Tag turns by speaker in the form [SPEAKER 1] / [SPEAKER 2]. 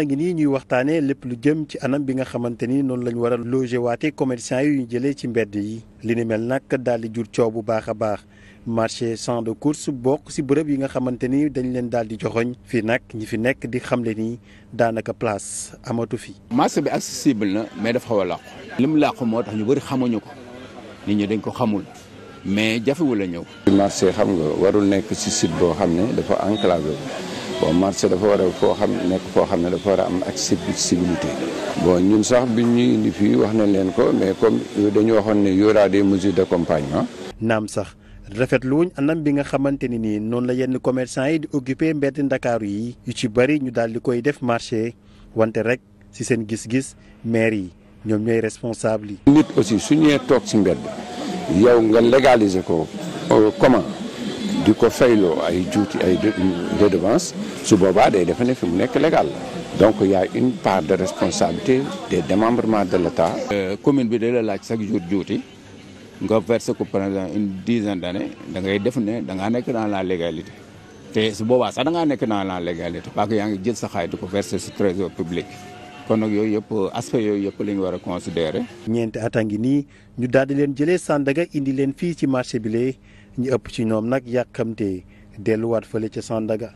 [SPEAKER 1] na ngi nii ñuy waxtaanee lépp lu jëm ci anam bi nga xamante ni noonu la ñu war a loger waate commerçant yu ñu jëlee ci mbedd yi li ni mel nag daal di jur coow bu baax a baax marché champ de course bokk si bërëb yi nga xamante ni dañ leen daal di joxoñ fii nag ñi fi nekk di xamle ni daanaka place amatu fi. marché bi accessible na mais dafa xaw a làqu. li mu làqu moo tax ñu bëri
[SPEAKER 2] xamuñu ko nit ñi dañ ko xamul. mais jafewul la ñëw.
[SPEAKER 3] marché xam nga warul nekk ci site boo xam ne dafa enclavé. bon marché dafa war a foo xam nekk foo xam ne dafa war a am accessibilité. bon ñun sax bi ñu indi fii wax na leen ko mais comme dañu waxoon ne y aura des mesures d'accompagnement.
[SPEAKER 1] naam sax rafetlu wuñ anam bi nga xamante ni nii noonu la yenn commerçant yi di occupé mbedd ndakaaru yi. yu ci bëri ñu daal di koy def marché wante rek ci seen gis-gis maire yi ñoom ñooy responsable yi.
[SPEAKER 3] nit aussi su ñëwee toog ci mbedd yow nga légaliser ko euh, comment. di ko fayloo ay juuti ay redevance su boobaa day defe ne fi mu nekk légal la donc
[SPEAKER 2] y une part de responsabilité des démembrements de l'État euh, commune bi day la laaj chaque jour juuti nga verse ko pendant une dizaine d'années da ngay def ne da ngaa nekk dans la légalité te su boobaa sax da ngaa nekk dans la légalité parce que yaa ngi jël sa xaalis di ko verser si trésor
[SPEAKER 1] public kon yooyu yëpp aspect yooyu yëpp la ñu war ñeenti at a ngi nii ñu daal di leen jëlee bi ñu ëpp ci ñoom nag yàkkamte delluwaat fale ca Sandaga